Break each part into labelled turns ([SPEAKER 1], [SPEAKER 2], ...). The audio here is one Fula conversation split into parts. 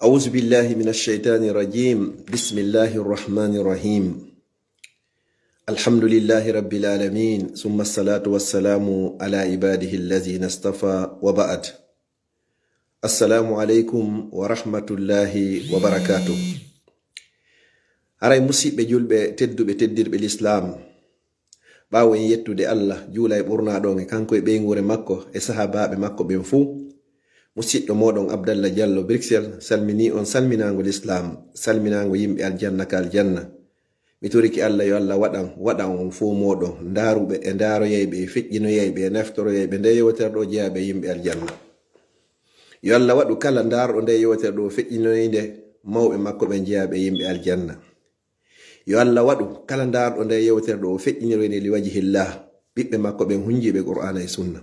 [SPEAKER 1] أعوذ بالله من الشيطان الرجيم بسم الله الرحمن الرحيم الحمد لله رب العالمين ثم الصلاة والسلام على عباده الذين اصطفى وبعد السلام عليكم ورحمة الله وبركاته أراي مسيب julɓe tedduɓe بتدير بالإسلام باوين en yettude allah juula e ɓurnaɗon e kanko مكو إسحابا بمكو بينفو musidɗo moɗon abdallah diallo brixel salmini on salminago l'islam salminago yimɓe aljanna ka aljanna mi turiki allah yo allah waɗan waɗan on fu moɗon daruɓe e daroyeyɓe e feƴƴinoyeyɓe e naftoroyeyɓe nde yewterɗo jeyaɓe yimɓe aljanna yo allah waɗu kala daroɗo nde yewterɗo feƴƴinoynde mawɓe makko ɓe jeyaɓe yimɓe aljanna yo allah waɗu kala daroɗo nde yewterɗo o feƴƴiniroyde liwaji hillah ɓiɓɓe makko ɓe hunjiɓe qur'ana e sunna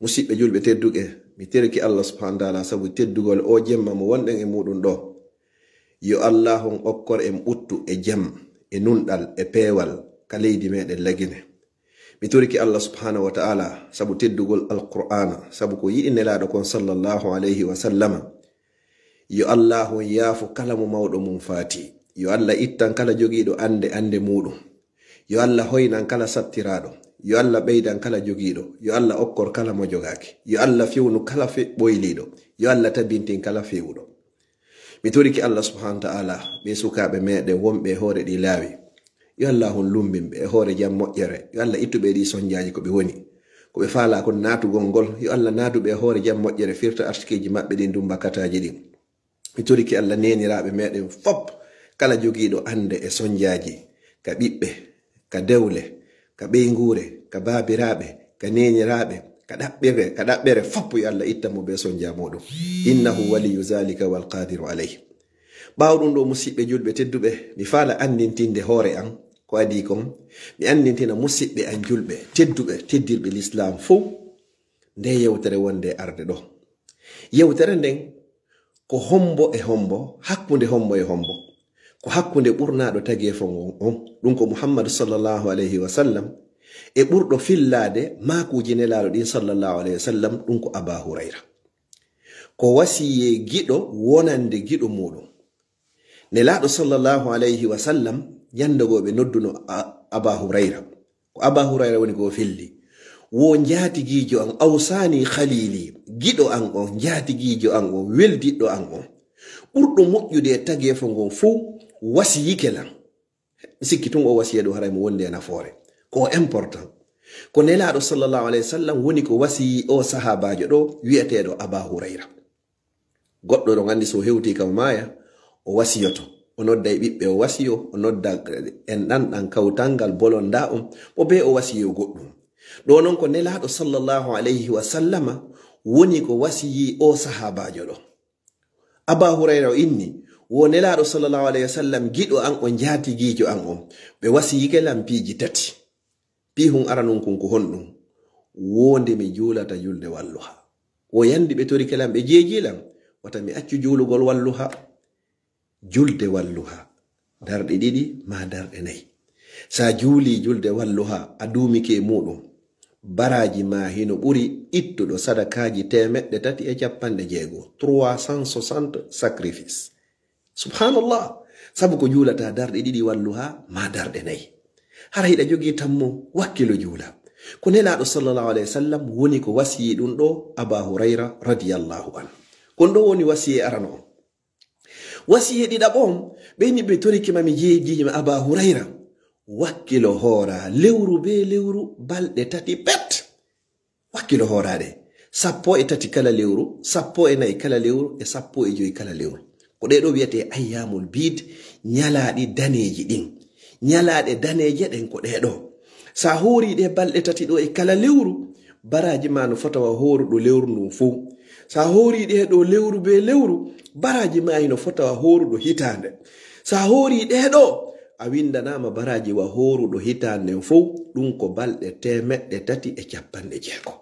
[SPEAKER 1] musidɓe julɓe tedduɓe mi terki allah subhana taala sabu teddugol o jemma mo wonɗen e muɗum ɗo yo allah on okkor en ɓuttu e jam e nunɗal e peewal ka leydi meɗen lagine mi turki allah subhanahu wa taala sabu teddugol alqur'ana sabu ko yiɗi nelaɗo kon sallllahu alayhi wa sallama yo allah on yaafu kala mo mawɗo mum faati yo allah ittan kala jogiiɗo annde annde muɗum yo allah hoynan kala sattiraɗo yo allah ɓeydan kala jogiiɗo yo allah okkor kala mo jogaaki yo allah fewnu kala ɓoyliiɗo yo allah tabintin kala fewuɗo mi turiki allah subhanau taala ɓe sukaaɓe meɗen wonɓe e hoore ɗi laawi yo allah hon lumbinɓe e hoore jam moƴƴere yo allah ittuɓe ɗi soñjaaji ko ɓe woni ko ɓe faala kon naatugol ngol yo allah naatuɓe e hoore jam moƴƴere firta artikeji maɓɓe ɗin dumbakataji ɗin mi turiki allah neeniraaɓe meɗen fop kala jogiiɗo annde e soñjaaji ka ɓiɓɓe ka dewle ka ɓeyngure ka babiraɓe ka neñiraɓe ka ɗaɓɓire ka ɗaɓɓere fappo yo allah ittanmo be son jamuɗum innahu waliyu zalika walqadiru alayh ɓaw ɗum ɗo musidɓe julɓe tedduɓe mi fala andintinde hoore an ko adi kon mi andintina musidɓe an julɓe tedduɓe teddirɓe l'islam fou nde yewtere wonde arde ɗo yewtere nden ko hombo e hombo hakkude hombo e hombo ko hakkunde ɓurnaɗo tagie fongon on ɗum ko muhammadu sallllahu alayhi wa sallam e ɓurɗo fillade makuji nelaɗo ɗin sallllahu alahi wa sallam ɗum ko aba hurayra ko wasiye giɗo wonande giɗo muɗum nelaɗo sallllahu alayhi wa sallam yandegoɓe nodduno aba hurayra ko aba hurayra woni ko filli wo jatigijo an ausani khalili giɗo an on jatigijo an on weldiɗɗo an on ɓurɗo moƴƴude e tagefo ngon fuu wasiyike lan mi sikki tun o wasiya ɗo haraymo wonde e nafoore ko important ko nelaɗo sallllahu alayhi wa sallam woni ko wasiyi o sahabajo ɗo wi'eteɗo aba hurayra goɗɗo ɗo gandi so hewti kam maya o wasiyoto o nodda e ɓiɓɓe o wasiyo o nodda en ɗanɗan kawtalngal bolon da on um, o be o wasiyo goɗɗum ɗo noon ko nelaɗo sallllahu alayhi wa sallama woni ko wasiyi o sahabajo ɗo aba hurayra o inni wo nelaɗo sallllahu alahi wa sallam giɗo an on jati gijo an on ɓe wasiyikelam piiji tati pi hun aranunkun ko honɗum wonde mi julata julde walluha o yandi ɓe tori kelam ɓe jejilam wata mi accu julugol walluha julde walluha darɗe ɗiɗi ma darɗe nayi sa juli julde walluha a dumike muɗum baraji ma hino ɓuri ittuɗo sadakaji temeɗɗe tati e capanɗe jeego 360 sacrifice subhanallah sabu ko julata darɗe ɗiɗi wallu ha ma darɗe nayi hara hiɗa jogii tanmo wakkilo juula ko nelaɗo sallllah alah wa sallam woni ko wasiyi ɗum ɗo aba hurayra radiallahu an kon ɗo woni wasiye arano on wasiye ɗiɗa ɓon ɓeyni ɓe torikimami jeejiima aba hurayra wakkilo hoora lewru be lewru balɗe tati pet wakkilo hooraɗe sappo e tati kala lewru sappo e nayi kala lewru e sappo e joyi kala lewru ko ɗe ɗo wiyete ayyamul bid nyalaɗi daneji ɗin nyalaɗe daneje ɗen ko ɗe ɗo sa hori ɗe balɗe tati ɗo e kala lewru baraji ma no fotawa horuɗo lewru ndu fu sa hori ɗe ɗo lewru be lewru baraji mayi no fotawa horuɗo hitande sa hori ɗe ɗo a windanama baraji wa horuɗo hitanden fo ɗum ko balɗe temeɗɗe tati e capanɗe jeego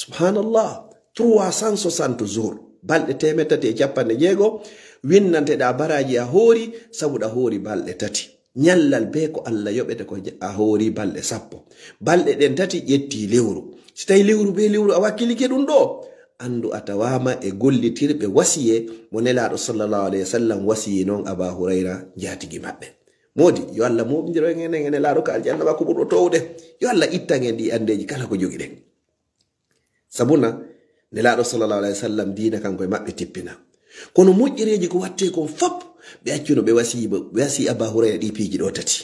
[SPEAKER 1] subhanallah 3 sanso sante jour balɗe temettati e capanɗe jeego winnanteɗa baraji a hoori sabuɗa hoori balɗe tati nyallal be ko allah yoɓete ko a hoori balɗe sappo balɗe ɗen tati ƴetti lewru so tawi lewru be lewru a wakkilike ɗum ɗo andu a tawama e gollitirɓe wasiye mo nelaɗo sallllahu alahi wa sallam wasiye noon aba hurayra jaatigi maɓɓe modi yo allah moɓidiroenen e nelaɗo ko aljanna makko ɓurɗo towɗe yo allah ittan en ɗi andeji kala ko jogi ɗen sabuna nelaɗo salllahu alah w sallam dina kanko e maɓɓe tippina kono moƴƴereji ko watte kon fop ɓe accuno ɓe wasi aba hurayra ɗi piiji ɗo tati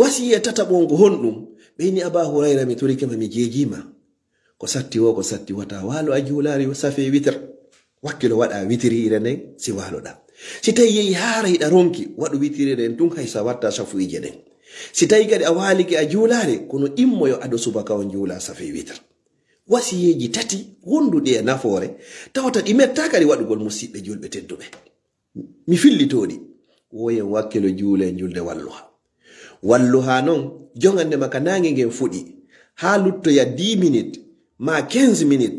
[SPEAKER 1] wasiya tataɓon ko honɗum ɓeyni aba hurayra mi torikama mi jejima ko satti wo ko satti wata walo a juulari safe witre wakkilo waɗa witiriire nden si waloɗa si tawi yehi haarayiɗa ronki waɗu witiri nden tun haysa watta safuije nden si tawi kadi a waaliki a juulaare kono immoyo aɗo subaka on juula safe witre wasiyeji tati wonduɗi e nafoore tawata ɗi metta kadi waɗugol musidɓe julɓe tedduɓe mi fillitoɗi woyen wakkilo juule e julde walluha walluha non jogandema ka nage gen fuɗi ha luttoya d minit ma 15 minit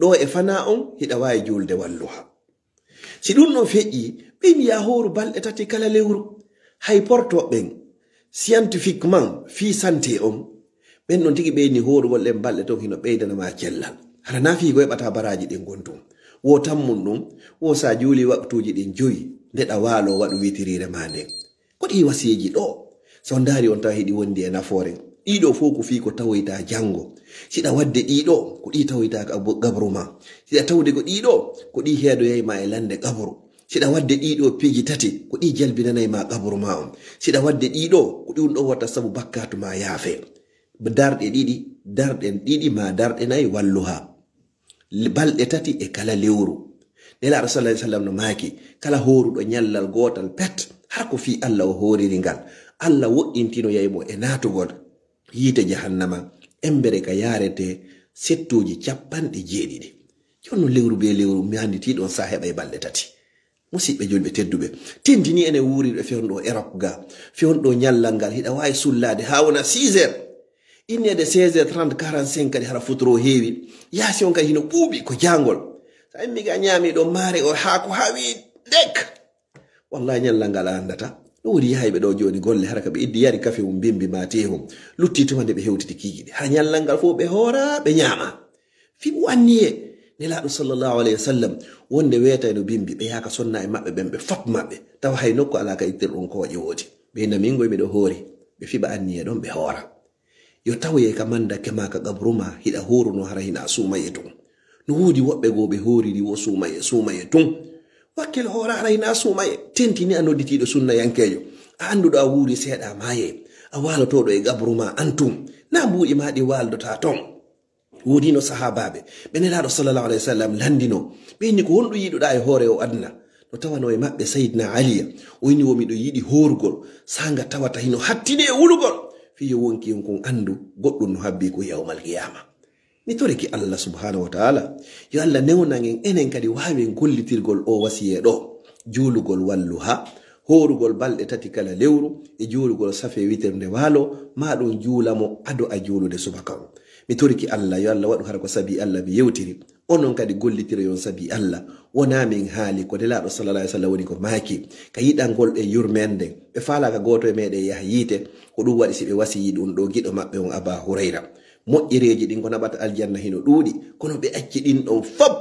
[SPEAKER 1] ɗo e fana on hiɗa wawi julde walluha si ɗum ɗon feƴƴi ɓin ya horu balɗe tati kala lewru hay porto ɓen scientifiquement fi santé on ɓen noon tigi ɓeyni hooru wolɗen balɗe to hino ɓeydanama cellal hara nafiigo heɓata baraji ɗin gontum wo tammum ɗum wo sa juuli waktuji ɗin joyi ndeɗa waalo waɗu witirire ma nde koɗi wasiyeji ɗo so ndaari on tawa heɗi wondi e nafoore ɗiɗo fo ko fii ko tawoyta janngo siɗa waɗde ɗiɗo ko ɗi tawoyta gabru ma siɗa tawde ko ɗiɗo ko ɗi heedoyayma e lande gabru siɗa waɗde ɗiɗo piiji tati ko ɗi jalbinanayma gabru ma on siɗa waɗde ɗiɗo ko ɗi ɗum ɗo watta sabu bakkatu ma yaafe darɗe ɗiɗi darɗe ɗiɗi ma darɗe nayi walluha balɗe tati e kala lewru nelaɗo sala ah sallam no maaki kala horuɗo ñallal gotal pet haa ko fi allah o horiri ngal allah woɗɗintino yaymo e natugol yiite jahannama embere ka yarete settuji capanɗe jeeɗiɗi jonno lewru be lewru manditiɗon sa heɓa e balɗe tati musiɓɓe joni ɓe tedduɓe tindini ene wuuriɗo e fewnɗo erop ga fewnɗo ñallal ngal hiɗa wawi sullade ha wona 6 heure hinnede 16 heures 30 45 kadi hara futoro heewi yaasi on kadi hino ɓuuɓi ko jaangol so ammi ga ñaamiɗo maare o haako hawi dek wallahi ñallal ngal anndata no woni yahayɓe ɗo jooni golle hara ka ɓe iddi yari kafe um mbimbi ma tehum lutti tuma nde ɓe hewtiti kiigiɗe hara ñallal ngal fof ɓe hoora ɓe ñaama fi wanniye nelaɗo sallllahu alayhi wa sallam wonde weeta no bimbi ɓe yaaka sonna e maɓɓe ɓen ɓe fop maɓɓe tawa hay nokku ala ka ittirɗon kooƴe woodi ɓe namingoy miɗo hoori ɓe fiɓa anniye ɗon ɓe hoora yo tawoye ka mandake ma ka gabruma hiɗa horuno hara hina sumaye tun no wodi woɓɓe goɓe horiri wo sumaye sumaye tun wakkil hora hara hina sumaye tentini a nodditiɗo sunna yankejo a anduɗo a wuri seeɗa maye a walotoɗo e gabruma antum na mbuɗi ma ɗi waldota ton wodino sahabaɓe ɓe nelaɗo salllahu alah w sallam landino ɓeni ko wonɗo yiɗoɗa e hoore o adna no tawano e maɓɓe sayidna aliya o yini womiɗo yiɗi horugol sanga tawata hino hattine e wulugol fiyo wonki on kon andu goɗɗum no habbi ko yawmal qiyama ni toreki allah subhanahu wa taala yo allah newnagen enen kadi wawin gollitirgol o wasiye ɗo julugol wallu ha horugol balɗe tati kala lewru e julugol safe witernde waalo ma ɗum julamo ado a julude subaka mi toriki allah yo allah waɗu har ko sabi allah mi yewtiri onon kadi gollitireyon sabi allah wona min haali ko delaɗo salalah sallam woni ko maaki ka yiɗangol ɓe yurmende ɓe falaka goto e meɗen yaha yiite ko ɗum waɗi si ɓe wasiyi ɗum ɗo giɗo maɓɓe on aba hurayra moƴƴereji ɗin ko naɓata aljanna hino ɗuuɗi kono ɓe acci ɗin ɗon fop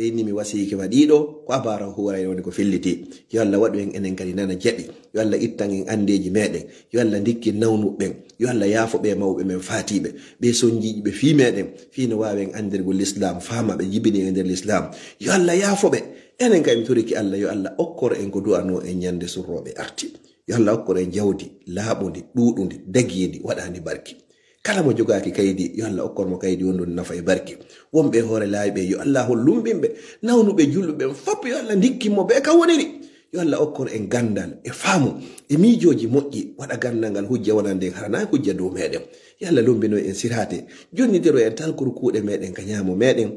[SPEAKER 1] ɓeyni mi wasiki waɗiɗo ko abara hurayrewoni ko felliti yo allah waɗu en enen kadi nana jaɓi yo allah ittan en andeji meɗen yo allah dikki nawnuɓen yo allah yaafo ɓe e mawɓe men fatiɓe ɓe sonjiji ɓe fi meɗen fi no wawi en andirgol l'islam fama ɓe jibini e nder l'islam yo allah yaafo ɓe enen kadi mi turiki allah yo allah okkoro en ko du'ano en ñande surroɓe arti yo allah okkoro en jawdi laaɓodi ɗuɗudi dagidi waɗandi barki kala mo jogaki kaydi yo allah okkormo kaydi wonɗon nafa e barke wonɓe hoore laawi ɓe yo allah hol lumbinɓe nawnuɓe julluɓen fop yo allah dikkinmo ɓe kam woniri yo allah okkor en gandal e faamu e miijoji moƴƴi waɗa gandal ngal hujja wona nden hara na hujja dow meɗen yo allah lumbino en sirate jonnidiro en talkuru kuuɗe meɗen ka ñaamo meɗen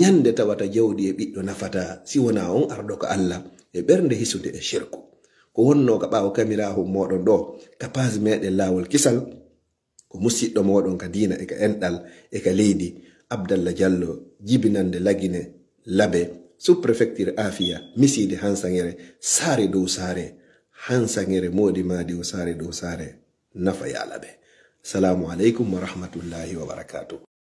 [SPEAKER 1] ñande tawata jawɗi e ɓiɗɗo nafata si wona on arɗo ko allah e ɓernde hisude e shirku ko wonno ka ɓaawo kamirahu moɗon ɗo ka page meɗen laawol kisal ko musiɗɗo moɗon ka dina eka enɗal eka leydi abdallah diallo jibinande lagine labe sous préfecture afia miside hansaŋere saare dow saare hansaŋere moodi madi o saare dow saare nafa yalaɓe salamu aleykum warahmatullahi wabarakatuh